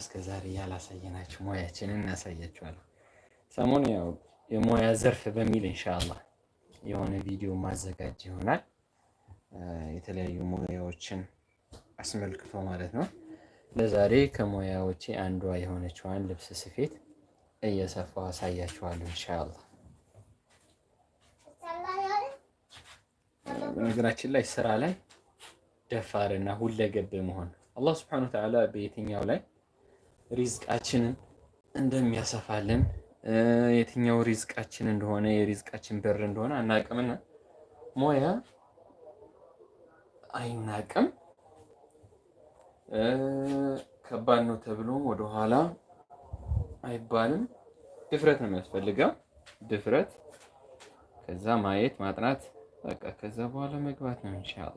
እስከ ዛሬ ያላሳየናችሁ ሙያችንን እናሳያችኋለን። ሰሞኑ ያው የሙያ ዘርፍ በሚል ኢንሻአላህ የሆነ ቪዲዮ ማዘጋጅ ይሆናል። የተለያዩ ሙያዎችን አስመልክቶ ማለት ነው። ለዛሬ ከሙያዎቼ አንዷ የሆነችዋን ልብስ ስፌት እየሰፋው አሳያችኋለሁ ኢንሻአላህ። በነገራችን ላይ ስራ ላይ ደፋርና ሁለገብ መሆን አላህ ስብሐነሁ ወተዓላ በየትኛው ላይ ሪዝቃችንን እንደሚያሰፋልን የትኛው ሪዝቃችን እንደሆነ የሪዝቃችን በር እንደሆነ አናቅምና ሞያ አይናቅም። ከባድ ነው ተብሎም ወደኋላ አይባልም። ድፍረት ነው የሚያስፈልገው። ድፍረት ከዛ ማየት ማጥናት፣ በቃ ከዛ በኋላ መግባት ነው እንሻላ።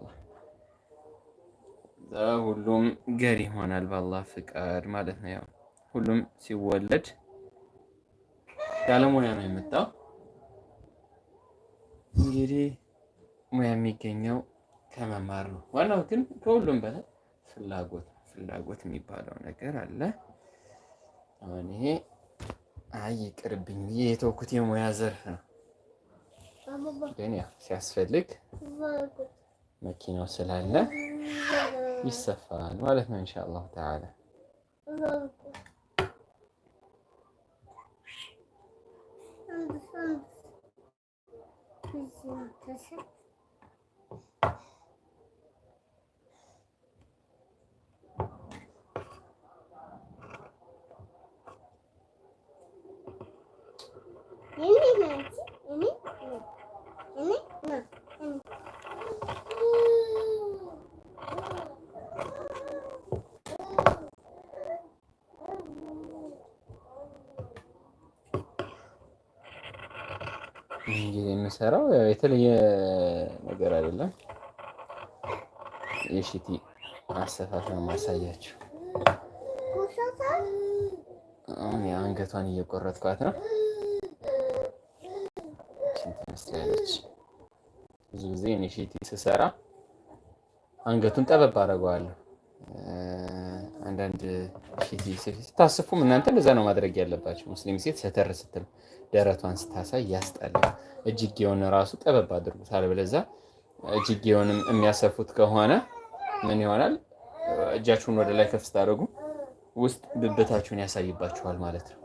ሁሉም ገሪ ይሆናል በአላህ ፍቃድ ማለት ነው። ያው ሁሉም ሲወለድ ያለ ነው የመጣው። እንግዲህ ሙያ የሚገኘው ከመማር ነው። ዋናው ግን ከሁሉም በላይ ፍላጎት ፍላጎት የሚባለው ነገር አለ። አሁን ይሄ አይ ይቅርብኝ ብዬ የተውኩት የሙያ ዘርፍ ነው፣ ግን ያው ሲያስፈልግ መኪናው ስላለ ይሰፋል ማለት ነው ኢንሻአላህ ተዓላ። የምሰራው የተለየ ነገር አይደለም። የሽቲ ነው ማሳያችሁ አንገቷን እየቆረጥኳት ነው። ሽቲ ብዙ ጊዜ እኔ ሽቲ ስሰራ አንገቱን ጠበብ አደርገዋለሁ። አንዳንድ ስታስፉም እናንተ እንደዛ ነው ማድረግ ያለባቸው። ሙስሊም ሴት ሰተር ስትል ደረቷን ስታሳይ ያስጠላል። እጅጌውን ራሱ ጠበብ አድርጉት፣ አለበለዚያ እጅጌውንም የሚያሰፉት ከሆነ ምን ይሆናል? እጃችሁን ወደ ላይ ከፍ ስታደርጉ ውስጥ ብብታችሁን ያሳይባችኋል ማለት ነው።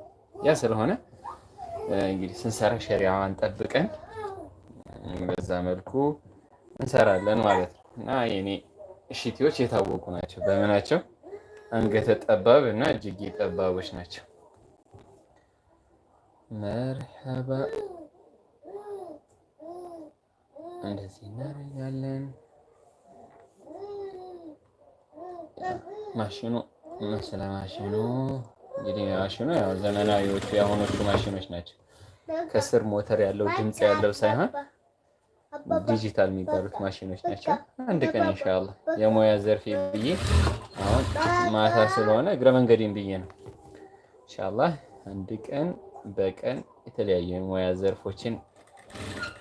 ያ ስለሆነ እንግዲህ ስንሰራ ሸሪያዋን ጠብቀን በዛ መልኩ እንሰራለን ማለት ነው እና የኔ እሽቲዎች የታወቁ ናቸው በምናቸው አንገተ ጠባብ እና እጅጌ ጠባቦች ናቸው። መርሐባ እንደዚህ እናደርጋለን። ማሽኑ ስለ ማሽኑ እንግዲህ ማሽኑ ያው ዘመናዊዎቹ የአሁኖቹ ማሽኖች ናቸው። ከስር ሞተር ያለው ድምፅ ያለው ሳይሆን ዲጂታል የሚባሉት ማሽኖች ናቸው። አንድ ቀን ኢንሻአላህ የሙያ ዘርፌ ብዬ ማታ ስለሆነ እግረ መንገዴን ብዬ ነው። ኢንሻአላህ አንድ ቀን በቀን የተለያዩ የሙያ ዘርፎችን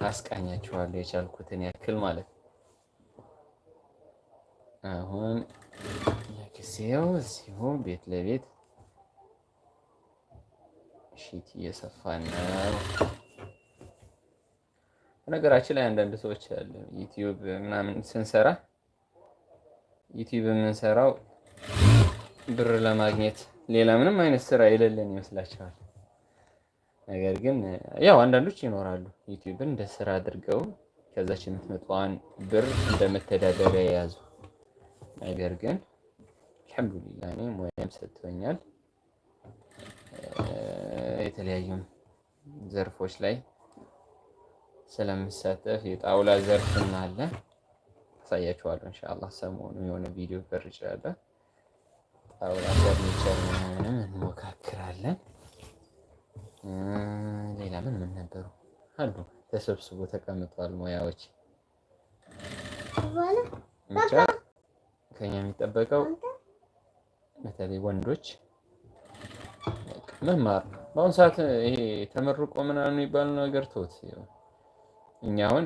አስቃኛችኋለሁ የቻልኩትን ያክል ማለት አሁን የጊዜው እዚሁ ቤት ለቤት ሺት እየሰፋ ነው። በነገራችን ላይ አንዳንድ ሰዎች አሉ ዩቲዩብ ምናምን ስንሰራ ዩቲዩብ የምንሰራው ብር ለማግኘት ሌላ ምንም አይነት ስራ የሌለን ይመስላችኋል። ነገር ግን ያው አንዳንዶች ይኖራሉ ዩቲዩብን እንደ ስራ አድርገው ከዛች የምትመጣዋን ብር እንደ መተዳደሪያ የያዙ። ነገር ግን አልሐምዱሊላህ እኔ ሙያም ሰጥቶኛል። የተለያዩም ዘርፎች ላይ ስለምሳተፍ የጣውላ ዘርፍ እና አለ አሳያችኋለሁ። ኢንሻአላህ ሰሞኑ የሆነ ቪዲዮ ፈርጫለሁ። ጣውላ ፈርኒቸር ምናምንም እንሞካክራለን። ሌላ ምን ምን ነበሩ አሉ ተሰብስቦ ተቀምጠዋል ሙያዎች ከኛ የሚጠበቀው በተለይ ወንዶች መማር ነው። በአሁኑ ሰዓት ይሄ ተመርቆ ምናምን የሚባል ነገር ተውት። እኛ አሁን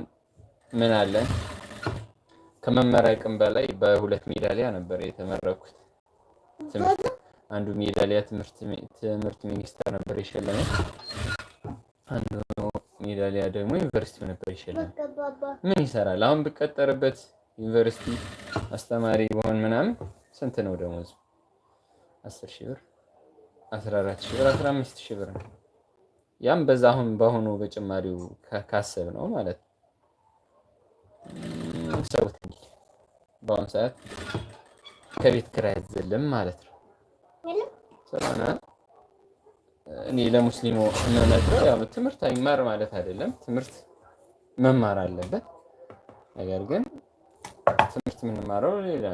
ምን አለን ከመመረቅም በላይ በሁለት ሜዳሊያ ነበር የተመረኩት። አንዱ ሜዳሊያ ትምህርት ሚኒስቴር ነበር የሸለመ፣ አንዱ ሜዳሊያ ደግሞ ዩኒቨርሲቲው ነበር የሸለመ። ምን ይሰራል አሁን ብቀጠርበት ዩኒቨርሲቲ አስተማሪ በሆን ምናምን ስንት ነው ደሞዝ? አስር ሺህ ብር፣ አስራ አራት ሺህ ብር፣ አስራ አምስት ሺህ ብር ነው። ያም በዛ አሁን በአሁኑ በጭማሪው ካሰብ ነው ማለት ነው። ሰውት በአሁኑ ሰዓት ከቤት ኪራይ አይዘልም ማለት ነው ስለሆነ እኔ ለሙስሊሙ የምመክረው ያው ትምህርት አይማር ማለት አይደለም። ትምህርት መማር አለበት። ነገር ግን ትምህርት የምንማረው ሌላ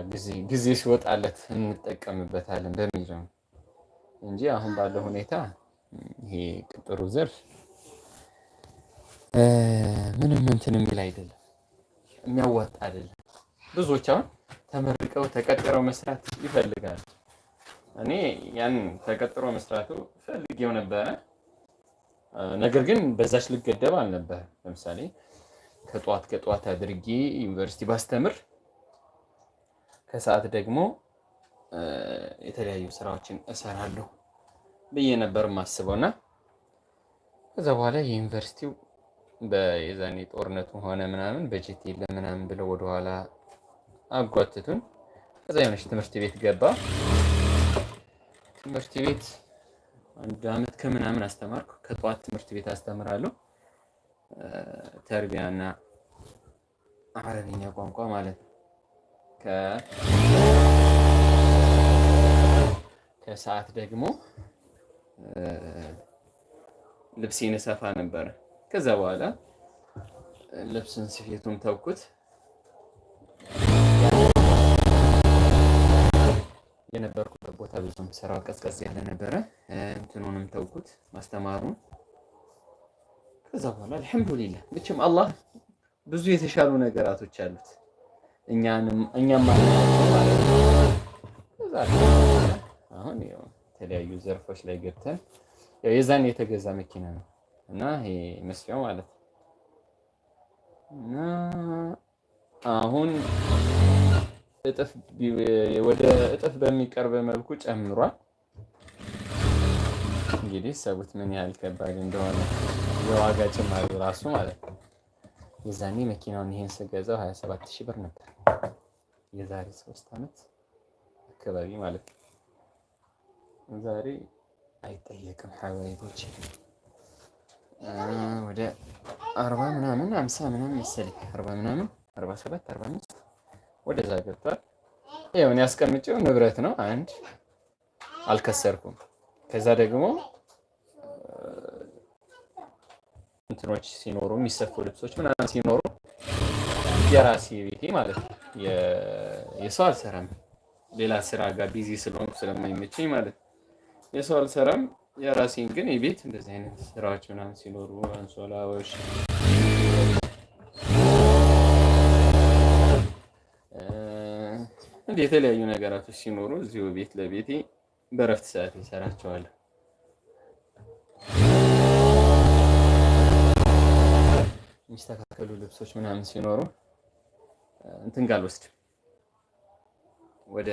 ጊዜ ሲወጣለት እንጠቀምበታለን በሚል ነው እንጂ አሁን ባለው ሁኔታ ይሄ ቅጥሩ ዘርፍ ምንም እንትን የሚል አይደለም፣ የሚያዋጣ አይደለም። ብዙዎች አሁን ተመርቀው ተቀጥረው መስራት ይፈልጋል። እኔ ያን ተቀጥሮ መስራቱ ፈልጌው ነበረ። ነገር ግን በዛች ልገደብ አልነበረ። ለምሳሌ ከጠዋት ከጠዋት አድርጌ ዩኒቨርሲቲ ባስተምር ከሰዓት ደግሞ የተለያዩ ስራዎችን እሰራለሁ ብዬ ነበር ማስበው እና ከዛ በኋላ የዩኒቨርሲቲው በየዛኔ ጦርነቱ ሆነ ምናምን በጀት የለ ምናምን ብለው ወደኋላ አጓትቱን። ከዛ የሆነች ትምህርት ቤት ገባ። ትምህርት ቤት አንድ አመት ከምናምን አስተማርኩ። ከጠዋት ትምህርት ቤት አስተምራለሁ ተርቢያና አረብኛ ቋንቋ ማለት ነው። ከሰዓት ደግሞ ልብሴን እሰፋ ነበረ። ከዛ በኋላ ልብስን ስፌቱም ተውኩት። የነበርኩበት ቦታ ብዙም ስራው ቀዝቀዝ ያለ ነበረ። እንትኑንም ተውኩት ማስተማሩን። ከዛ በኋላ አልሐምዱሊላህ ብቻም አላህ ብዙ የተሻሉ ነገራቶች አሉት። እኛንም እኛም አሁን የተለያዩ ዘርፎች ላይ ገብተን የዛን የተገዛ መኪና ነው እና ይሄ ማለት ነው እና አሁን እጥፍ ወደ እጥፍ በሚቀርብ መልኩ ጨምሯል። እንግዲህ ሰቡት ምን ያህል ከባድ እንደሆነ የዋጋ ጭማሪ ራሱ ማለት ነው። የዛኔ መኪናውን ይህን ስገዛው 27 ሺህ ብር ነበር፣ የዛሬ ሶስት ዓመት አካባቢ ማለት ነው። ዛሬ አይጠየቅም ሀባይቦች ወደ አርባ ምናምን አምሳ ምናምን መሰለኝ አርባ ምናምን አርባ ሰባት አርባ ወደዛ ገብቷል ይሄውን ያስቀምጨው ንብረት ነው። አንድ አልከሰርኩም። ከዛ ደግሞ እንትኖች ሲኖሩ የሚሰፉ ልብሶች ምናምን ሲኖሩ የራሴ ቤቴ ማለት ነው። የሰው አልሰራም። ሌላ ስራ ጋር ቢዚ ስለሆንኩ ስለማይመቸኝ ማለት የሰው አልሰራም። የራሴን ግን የቤት እንደዚህ አይነት ስራዎች ምናምን ሲኖሩ አንሶላዎች እንደ የተለያዩ ነገራቶች ሲኖሩ እዚሁ ቤት ለቤቴ በረፍት ሰዓት ይሰራቸዋለሁ። የሚስተካከሉ ልብሶች ምናምን ሲኖሩ እንትን ጋር አልወስድም፣ ወደ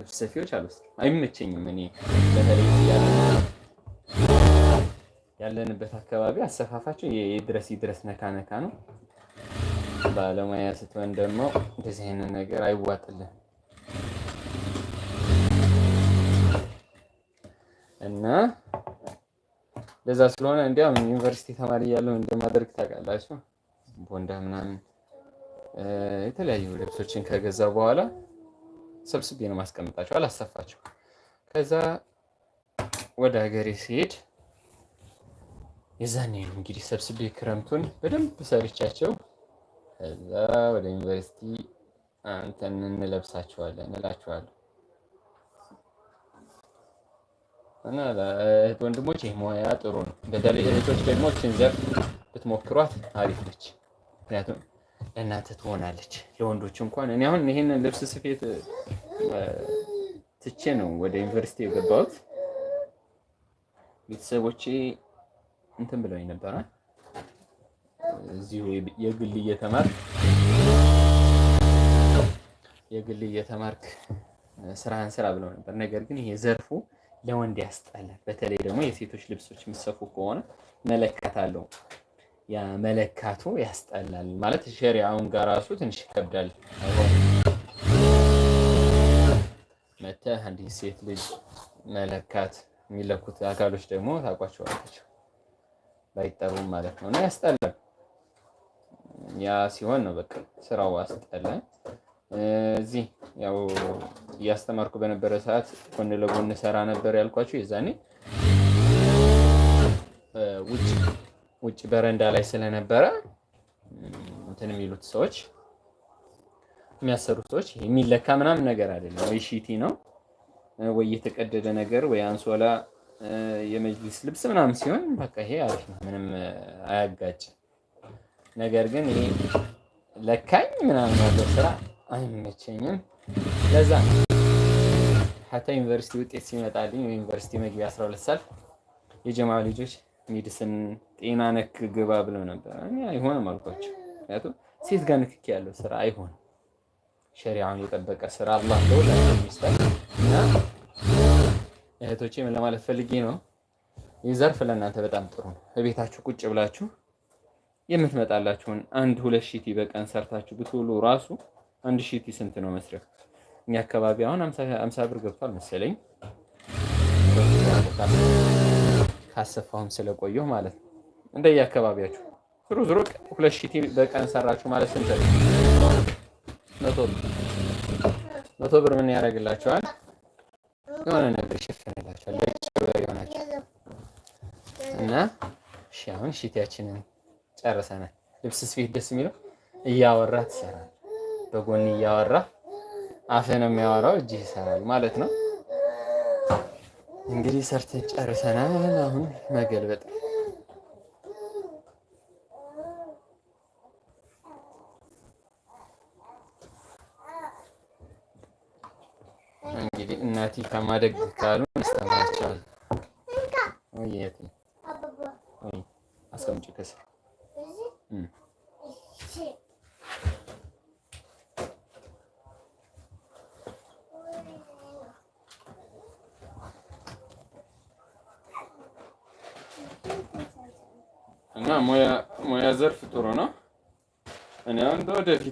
ልብስ ሰፊዎች አልወስድም፣ አይመቸኝም። እኔ በተለይ ያለንበት አካባቢ አሰፋፋቸው የድረስ ይድረስ ነካ ነካ ነው። ባለሙያ ስትሆን ደግሞ እንደዚህ አይነት ነገር አይዋጥልህም እና ለዛ ስለሆነ እንዲያውም ዩኒቨርሲቲ ተማሪ እያለሁ እንደማደርግ ታውቃላችሁ። ቦንዳ ምናምን የተለያዩ ልብሶችን ከገዛ በኋላ ሰብስቤ ነው ማስቀምጣቸው፣ አላሰፋቸው። ከዛ ወደ ሀገሬ ሲሄድ የዛኔ እንግዲህ ሰብስቤ ክረምቱን በደንብ ሰርቻቸው ከዛ ወደ ዩኒቨርሲቲ አንተን እንለብሳቸዋለን እላችኋለሁ። እና እህት ወንድሞች ይህ ሙያ ጥሩ ነው። በተለይ እህቶች ደግሞ እችን ብትሞክሯት አሪፍ ነች። ምክንያቱም ለእናንተ ትሆናለች፣ ለወንዶች እንኳን እኔ አሁን ይህንን ልብስ ስፌት ትቼ ነው ወደ ዩኒቨርሲቲ የገባሁት። ቤተሰቦቼ እንትን ብለው ነበራል እዚሁ የግል እየተማርክ የግል እየተማርክ ስራህን ስራ ብለው ነበር። ነገር ግን ይሄ ዘርፉ ለወንድ ያስጠላል። በተለይ ደግሞ የሴቶች ልብሶች የሚሰፉ ከሆነ መለካት አለው። ያ መለካቱ ያስጠላል ማለት ሸሪያውን ጋር ራሱ ትንሽ ይከብዳል። መተህ አንዲት ሴት ልጅ መለካት የሚለኩት አካሎች ደግሞ ታውቋቸዋላቸው ባይጠሩም ማለት ነው እና ያስጠላል። ያ ሲሆን ነው በቃ ስራው አስጠላኝ። እዚህ ያው እያስተማርኩ በነበረ ሰዓት ጎን ለጎን ሰራ ነበር ያልኳቸው። የዛኔ ውጭ ውጭ በረንዳ ላይ ስለነበረ እንትን የሚሉት ሰዎች የሚያሰሩት ሰዎች የሚለካ ምናምን ነገር አይደለም። ወይ ሺቲ ነው ወይ የተቀደደ ነገር ወይ አንሶላ የመጅሊስ ልብስ ምናምን ሲሆን በቃ ይሄ አሪፍ ነው፣ ምንም አያጋጭም። ነገር ግን ይሄ ለካኝ ምናምን ያለው ስራ አይመቸኝም። ለዛ ሀታ ዩኒቨርሲቲ ውጤት ሲመጣልኝ ዩኒቨርሲቲ መግቢያ 12 ሰልፍ የጀማ ልጆች ሜዲስን ጤና ነክ ግባ ብለው ነበር። አይሆንም አልኳቸው። ምክንያቱም ሴት ጋር ንክኪ ያለው ስራ አይሆንም። ሸሪን የጠበቀ ስራ አላ ለው ይስጠን እና ምን ለማለት ፈልጌ ነው። ይህ ዘርፍ ለእናንተ በጣም ጥሩ ነው። እቤታችሁ ቁጭ ብላችሁ የምትመጣላችሁን አንድ ሁለት ሺቲ በቀን ሰርታችሁ ብትውሉ ራሱ አንድ ሺቲ ስንት ነው መስሪያ? እኛ አካባቢ አሁን አምሳ ብር ገብቷል መሰለኝ ካሰፋሁም ስለቆየሁ ማለት ነው። እንደየ አካባቢያችሁ ዝሮ ዝሮ ሁለት ሺቲ በቀን ሰራችሁ ማለት ስንት ነው? መቶ ብር ምን ያደርግላችኋል? የሆነ ነገር ይሸፍንላችኋል። የሆናቸው እና አሁን ሺቲያችንን ጨርሰናል። ልብስ ስፌት ደስ የሚለው እያወራ ትሰራል። በጎን እያወራ አፍ ነው የሚያወራው፣ እጅህ ይሰራል ማለት ነው። እንግዲህ ሰርተን ጨርሰናል። አሁን መገልበጥ እንግዲህ እናቲ ከማደግ ካሉ ነው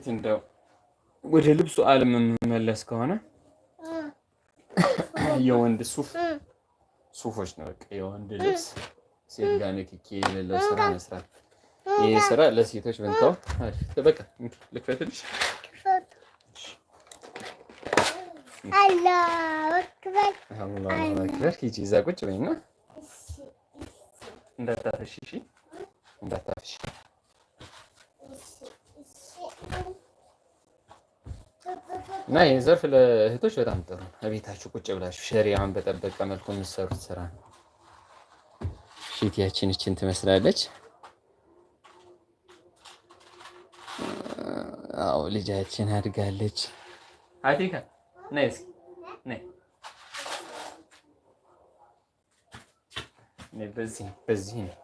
ወደፊት እንደው ወደ ልብሱ ዓለም የምመለስ ከሆነ የወንድ ሱፍ ሱፎች ነው። በቃ የወንድ ልብስ ሴት ጋር ንክኪ የሌለው ስራ መስራት። ይህ ስራ ለሴቶች ብንተው በቃ ልክፈትልሽ። አላክበር ሂጂ፣ እዛ ቁጭ በይና እንዳታፍሽ፣ እንዳታፍሽ እና ይህ ዘርፍ ለእህቶች በጣም ጥሩ ነው። እቤታችሁ ቁጭ ብላችሁ ሸሪዓን በጠበቀ መልኩ የምትሰሩት ስራ ነው። ፊትያችን እችን ትመስላለች። አዎ ልጃችን አድጋለች። አቲካ ነይ እስኪ ነይ በዚህ በዚህ ነው።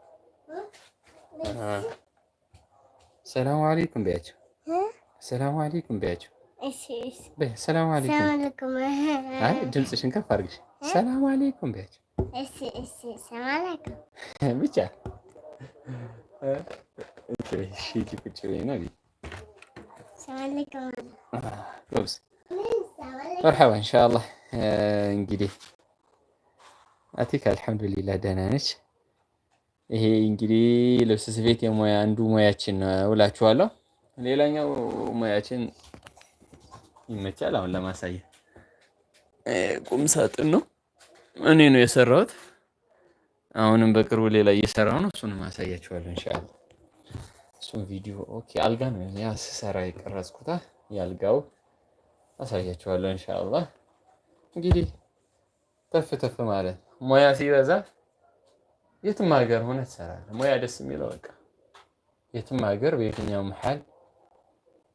ሰላም አለይኩም ቢያቸው ሰላም አለይኩም በያቸው። ሰላም አለይኩም። ድምፅሽን ከፍ አድርግሽ። ሰላም አለይኩም በያቸው። ብቻ መርሐባ። ኢንሻአላህ እንግዲህ አቲክ አልሐምዱሊላህ ደህና ነች። ይሄ እንግዲህ ልብስ ስፌት የሙያ አንዱ ሙያችን ነው እላችኋለሁ። ሌላኛው ሙያችን ይመቻል። አሁን ለማሳየ ቁም ሳጥን ነው። እኔ ነው የሰራሁት። አሁንም በቅርቡ ሌላ እየሰራው ነው። እሱን ማሳያችኋለሁ እንሻላ። እሱን ቪዲዮ ኦኬ። አልጋ ነው ያ ስሰራ የቀረጽኩታ የአልጋው አሳያችኋለሁ እንሻላ። እንግዲህ ተፍ ተፍ ማለት ሙያ ሲበዛ የትም ሀገር ሆነ ትሰራለህ። ሙያ ደስ የሚለው በቃ የትም ሀገር በየትኛው መሀል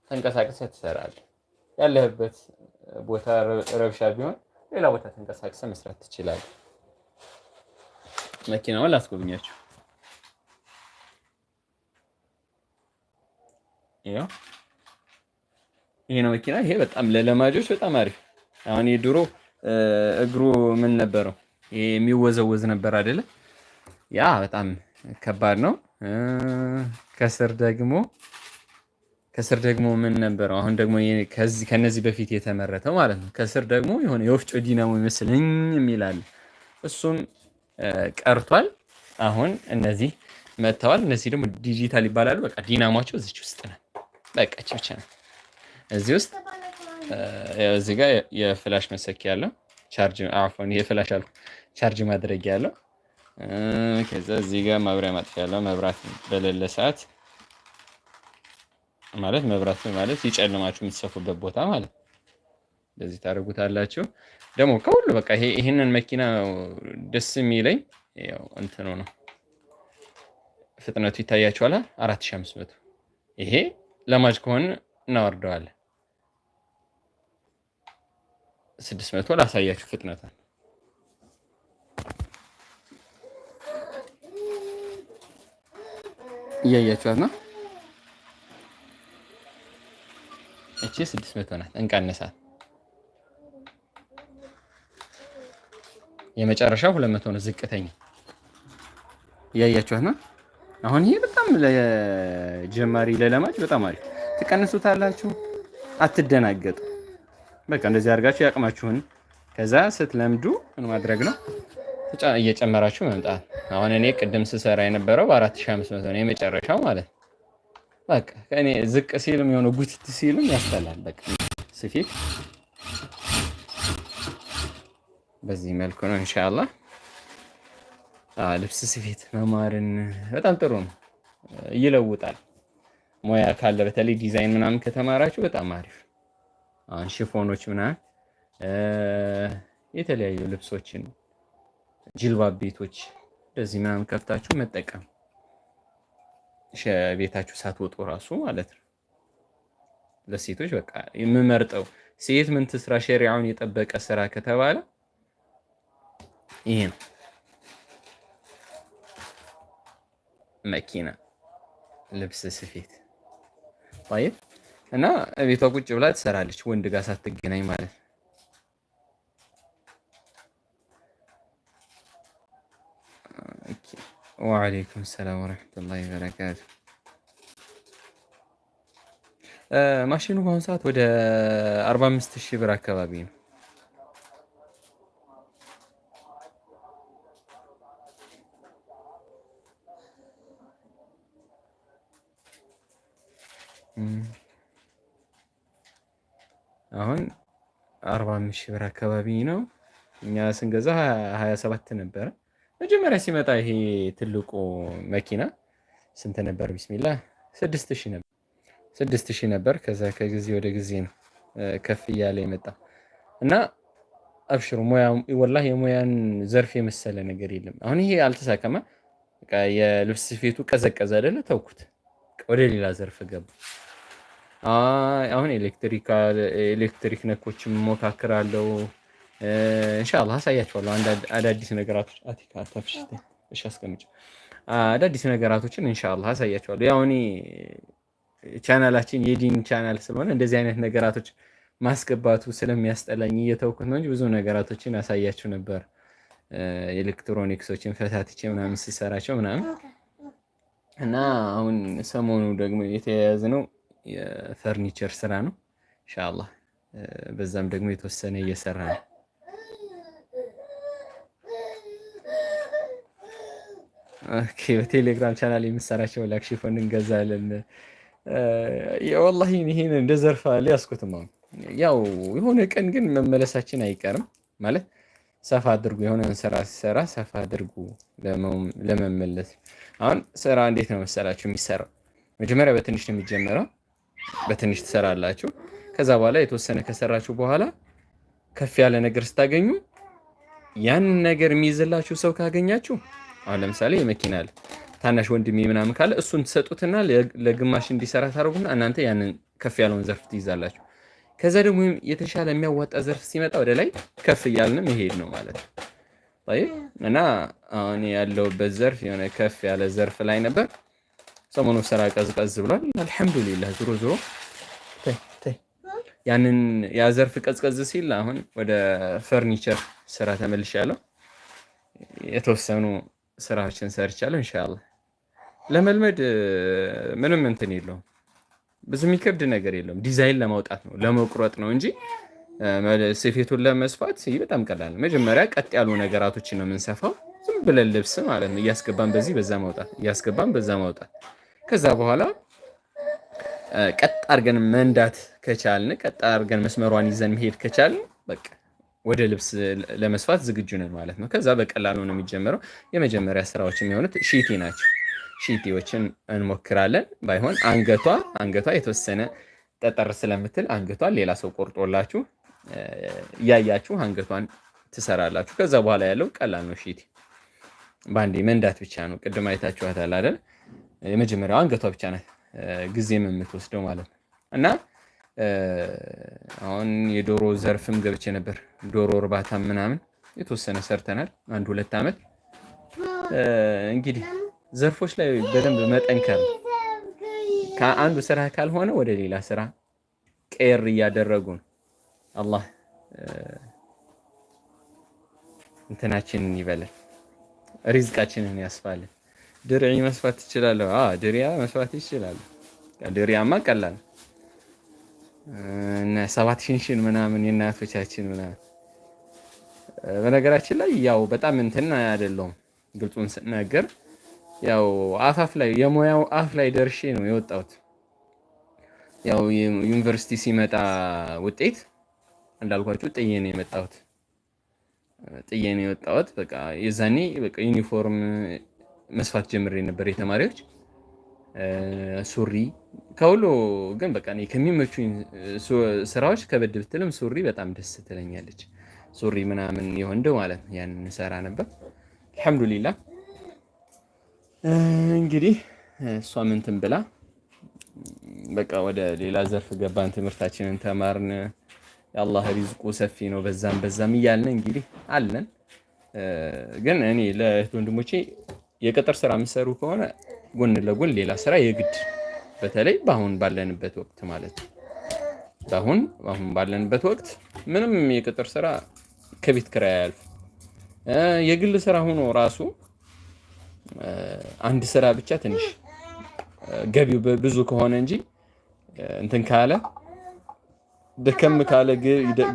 ተንቀሳቅሰህ ትሰራለህ። ያለህበት ቦታ ረብሻ ቢሆን ሌላ ቦታ ተንቀሳቅሰህ መስራት ትችላለህ። መኪናውን ላስጎብኛችሁ። ይኸው ይሄ ነው መኪና። ይሄ በጣም ለለማጆች በጣም አሪፍ። አሁን የድሮ እግሩ ምን ነበረው? ይሄ የሚወዘወዝ ነበር አይደለ? ያ በጣም ከባድ ነው። ከስር ደግሞ ከስር ደግሞ ምን ነበረው? አሁን ደግሞ ከነዚህ በፊት የተመረተው ማለት ነው። ከስር ደግሞ የሆነ የወፍጮ ዲናሞ ይመስልኝ የሚላል እሱም ቀርቷል። አሁን እነዚህ መጥተዋል። እነዚህ ደግሞ ዲጂታል ይባላሉ። በቃ ዲናሟቸው እዚች ውስጥ ነው። በቃ ብቻ ነው እዚህ ውስጥ እዚ ጋ የፍላሽ መሰኪ ያለው ቻርጅ አፎን የፍላሽ አልኩ ቻርጅ ማድረግ ያለው ከዛ እዚህ ጋር ማብሪያ ማጥፊያ ያለው መብራት በሌለ ሰዓት ማለት መብራት ማለት ሲጨልማችሁ የምትሰፉበት ቦታ ማለት እንደዚህ ታደርጉታላችሁ። ደግሞ ከሁሉ በቃ ይህንን መኪና ደስ የሚለኝ ያው እንትኑ ነው፣ ፍጥነቱ ይታያችኋል። አራት ሺህ አምስት መቶ ይሄ ለማጅ ከሆን እናወርደዋለን። ስድስት መቶ ላሳያችሁ ፍጥነቷን እያያችኋት ነው። እቺ ስድስት መቶ ናት። እንቀንሳት። የመጨረሻው ሁለት መቶ ነው። ዝቅተኛ እያያችኋት ነው። አሁን ይሄ በጣም ለጀማሪ ለለማች በጣም አሪፍ ትቀንሱታላችሁ። አትደናገጡ። በቃ እንደዚህ አድርጋችሁ ያቅማችሁን ከዛ ስትለምዱ ምን ማድረግ ነው እየጨመራችሁ መምጣት። አሁን እኔ ቅድም ስሰራ የነበረው በ4500 ነው የመጨረሻው ማለት ነው። በቃ እኔ ዝቅ ሲልም የሆነ ጉትት ሲልም ያስጠላል። በቃ ስፊት በዚህ መልኩ ነው እንሻላ ልብስ ስፌት መማርን በጣም ጥሩ ነው፣ ይለውጣል። ሙያ ካለ በተለይ ዲዛይን ምናምን ከተማራችሁ በጣም አሪፍ። አሁን ሽፎኖች ምናምን የተለያዩ ልብሶችን ጅልባብ ቤቶች እንደዚህ ምናምን ከፍታችሁ መጠቀም ቤታችሁ ሳትወጡ ራሱ ማለት ነው። ለሴቶች በቃ የምመርጠው ሴት ምን ትስራ ሸሪያውን የጠበቀ ስራ ከተባለ ይሄ ነው። መኪና፣ ልብስ ስፌት እና ቤቷ ቁጭ ብላ ትሰራለች፣ ወንድ ጋር ሳትገናኝ ማለት ነው። وعليكم السلام ورحمة الله وبركاته آه، ماشينو بهون ساعات ودا أربعة مست الشبر أكبابين أهون أربعة مست الشبر أكبابينو ناس نجزها هاي سبعة نبرة መጀመሪያ ሲመጣ ይሄ ትልቁ መኪና ስንት ነበር? ቢስሚላ ስድስት ሺህ ነበር ስድስት ሺህ ነበር። ከዛ ከጊዜ ወደ ጊዜ ነው ከፍ እያለ የመጣ እና አብሽሩ ወላ የሙያን ዘርፍ የመሰለ ነገር የለም። አሁን ይሄ አልተሳከመ የልብስ ስፌቱ ቀዘቀዘ አይደለ? ተውኩት፣ ወደ ሌላ ዘርፍ ገባ። አሁን ኤሌክትሪክ ነኮች ሞካክራለው እንሻላ አሳያችኋለሁ። አዳዲስ ነገራቶች አቲካ እሺ፣ አስቀምጭ አዳዲስ ነገራቶችን እንሻላ አሳያችኋለሁ። ያው እኔ ቻናላችን የዲን ቻናል ስለሆነ እንደዚህ አይነት ነገራቶች ማስገባቱ ስለሚያስጠላኝ እየተውኩት ነው እንጂ ብዙ ነገራቶችን አሳያችሁ ነበር። ኤሌክትሮኒክሶችን ፈታትቼ ምናምን ስሰራቸው ምናምን እና አሁን ሰሞኑ ደግሞ የተያያዝ ነው የፈርኒቸር ስራ ነው። እንሻላ በዛም ደግሞ የተወሰነ እየሰራ ነው። በቴሌግራም ቻናል የምሰራቸው ላክሽፎን እንገዛለን። ወላሂ ይህን እንደ ዘርፍ ሊያስኩትም ያው የሆነ ቀን ግን መመለሳችን አይቀርም ማለት ሰፋ አድርጉ፣ የሆነን ስራ ሲሰራ ሰፋ አድርጉ ለመመለስ። አሁን ስራ እንዴት ነው መሰላችሁ የሚሰራው? መጀመሪያ በትንሽ ነው የሚጀምረው በትንሽ ትሰራላችሁ። ከዛ በኋላ የተወሰነ ከሰራችሁ በኋላ ከፍ ያለ ነገር ስታገኙ ያንን ነገር የሚይዝላችሁ ሰው ካገኛችሁ አሁን ለምሳሌ የመኪና አለ ታናሽ ወንድሜ ምናምን ካለ እሱን ትሰጡትና ለግማሽ እንዲሰራ ታደርጉና እናንተ ያንን ከፍ ያለውን ዘርፍ ትይዛላችሁ። ከዛ ደግሞ የተሻለ የሚያዋጣ ዘርፍ ሲመጣ ወደ ላይ ከፍ እያልን መሄድ ነው ማለት ነው። እና አሁን ያለሁበት ዘርፍ የሆነ ከፍ ያለ ዘርፍ ላይ ነበር። ሰሞኑ ስራ ቀዝቀዝ ብሏል። አልሐምዱሊላህ ዞሮ ዞሮ ያንን ያ ዘርፍ ቀዝቀዝ ሲል አሁን ወደ ፈርኒቸር ስራ ተመልሻለሁ የተወሰኑ ስራዎችን ሰርቻለሁ። እንሻላ ለመልመድ ምንም እንትን የለውም፣ ብዙ የሚከብድ ነገር የለውም። ዲዛይን ለማውጣት ነው ለመቁረጥ ነው እንጂ ስፌቱን ለመስፋት በጣም ቀላል መጀመሪያ ቀጥ ያሉ ነገራቶችን ነው የምንሰፋው፣ ዝም ብለን ልብስ ማለት ነው። እያስገባን በዚህ በዛ ማውጣት፣ እያስገባን በዛ ማውጣት። ከዛ በኋላ ቀጥ አድርገን መንዳት ከቻልን፣ ቀጥ አድርገን መስመሯን ይዘን መሄድ ከቻልን በቃ ወደ ልብስ ለመስፋት ዝግጁ ነን ማለት ነው። ከዛ በቀላሉ ነው የሚጀምረው። የመጀመሪያ ስራዎች የሚሆኑት ሺቲ ናቸው። ሺቲዎችን እንሞክራለን። ባይሆን አንገቷ አንገቷ የተወሰነ ጠጠር ስለምትል አንገቷን ሌላ ሰው ቆርጦላችሁ እያያችሁ አንገቷን ትሰራላችሁ። ከዛ በኋላ ያለው ቀላል ነው። ሺቲ በአንዴ መንዳት ብቻ ነው። ቅድም አይታችኋታል አይደል? የመጀመሪያው አንገቷ ብቻ ናት ጊዜም የምትወስደው ማለት ነው እና አሁን የዶሮ ዘርፍም ገብቼ ነበር። ዶሮ እርባታ ምናምን የተወሰነ ሰርተናል፣ አንድ ሁለት ዓመት። እንግዲህ ዘርፎች ላይ በደንብ መጠንከር ከአንዱ ስራ ካልሆነ ወደ ሌላ ስራ ቀየር እያደረጉ ነው። አላህ እንትናችንን ይበለን፣ ሪዝቃችንን ያስፋልን። ድርዒ መስፋት ትችላለሁ። ድሪያ መስፋት ይችላለሁ። ድሪያማ ቀላል ሰባት ሽንሽን ምናምን የእናቶቻችን ምናምን። በነገራችን ላይ ያው በጣም እንትን አይደለሁም፣ ግልጹን ስናገር ያው አፋፍ ላይ የሙያው አፍ ላይ ደርሼ ነው የወጣሁት። ያው ዩኒቨርሲቲ ሲመጣ ውጤት እንዳልኳችሁ ጥዬ ነው የመጣሁት፣ ጥዬ ነው የወጣሁት። በቃ የዛኔ በቃ ዩኒፎርም መስፋት ጀምሬ ነበር የተማሪዎች ሱሪ ከሁሉ ግን በቃ እኔ ከሚመቹኝ ስራዎች ከበድ ብትልም ሱሪ በጣም ደስ ትለኛለች። ሱሪ ምናምን የወንድ ማለት ነው ያን ሰራ ነበር። አልሐምዱሊላ እንግዲህ እሷ ምንትን ብላ በቃ ወደ ሌላ ዘርፍ ገባን። ትምህርታችንን ተማርን። የአላህ ሪዝቁ ሰፊ ነው። በዛም በዛም እያልን እንግዲህ አለን። ግን እኔ ለእህት ወንድሞቼ የቅጥር ስራ የምሰሩ ከሆነ ጎን ለጎን ሌላ ስራ የግድ በተለይ በአሁን ባለንበት ወቅት ማለት ነው። በአሁን አሁን ባለንበት ወቅት ምንም የቅጥር ስራ ከቤት ክራ አያልፍ የግል ስራ ሆኖ ራሱ አንድ ስራ ብቻ ትንሽ ገቢው ብዙ ከሆነ እንጂ እንትን ካለ ደከም ካለ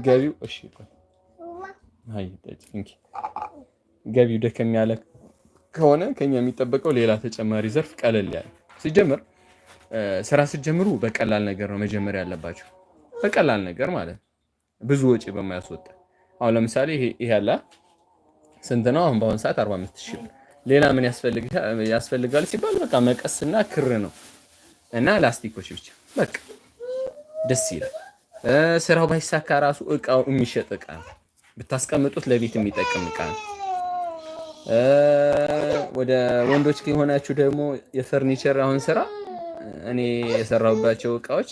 ገቢው እሺ ገቢው ደከም ያለ ከሆነ ከኛ የሚጠበቀው ሌላ ተጨማሪ ዘርፍ ቀለል ያለ ሲጀምር ስራ ስትጀምሩ በቀላል ነገር ነው መጀመር ያለባቸው። በቀላል ነገር ማለት ብዙ ወጪ በማያስወጣ አሁን ለምሳሌ ይሄ ያለ ስንት ነው? አሁን በአሁን ሰዓት 45 ሺህ ብር። ሌላ ምን ያስፈልጋል ሲባል በቃ መቀስና ክር ነው እና ላስቲኮች ብቻ በቃ ደስ ይላል። ስራው ባይሳካ ራሱ እቃው የሚሸጥ እቃ ነው፣ ብታስቀምጡት ለቤት የሚጠቅም እቃ ነው። ወደ ወንዶች የሆናችሁ ደግሞ የፈርኒቸር አሁን ስራ እኔ የሰራሁባቸው እቃዎች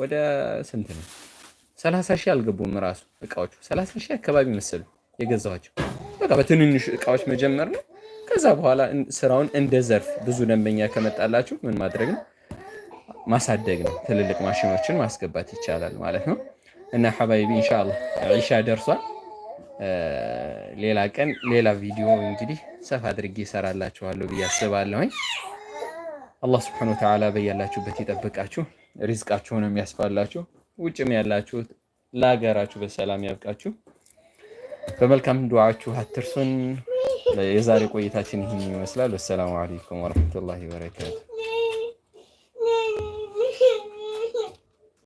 ወደ ስንት ነው? ሰላሳ ሺህ አልገቡም። ራሱ እቃዎቹ ሰላሳ ሺህ አካባቢ መሰሉ የገዛኋቸው። በቃ በትንንሽ እቃዎች መጀመር ነው። ከዛ በኋላ ስራውን እንደ ዘርፍ ብዙ ደንበኛ ከመጣላችሁ ምን ማድረግ ነው? ማሳደግ ነው። ትልልቅ ማሽኖችን ማስገባት ይቻላል ማለት ነው። እና ሀባይቢ ኢንሻአላህ ዒሻ ደርሷል። ሌላ ቀን ሌላ ቪዲዮ እንግዲህ ሰፋ አድርጌ እሰራላችኋለሁ ብዬ አስባለሁኝ። አላህ ስብሐነሁ ወተዓላ በያላችሁበት ይጠብቃችሁ፣ ሪዝቃችሁንም ያስፋላችሁ። ውጭም ያላችሁት ለሀገራችሁ በሰላም ያብቃችሁ። በመልካም ዱዓችሁ አትርሱን። የዛሬ ቆይታችን ይህን ይመስላል። ወሰላሙ አለይኩም ወረሕመቱላሂ ወበረካቱ።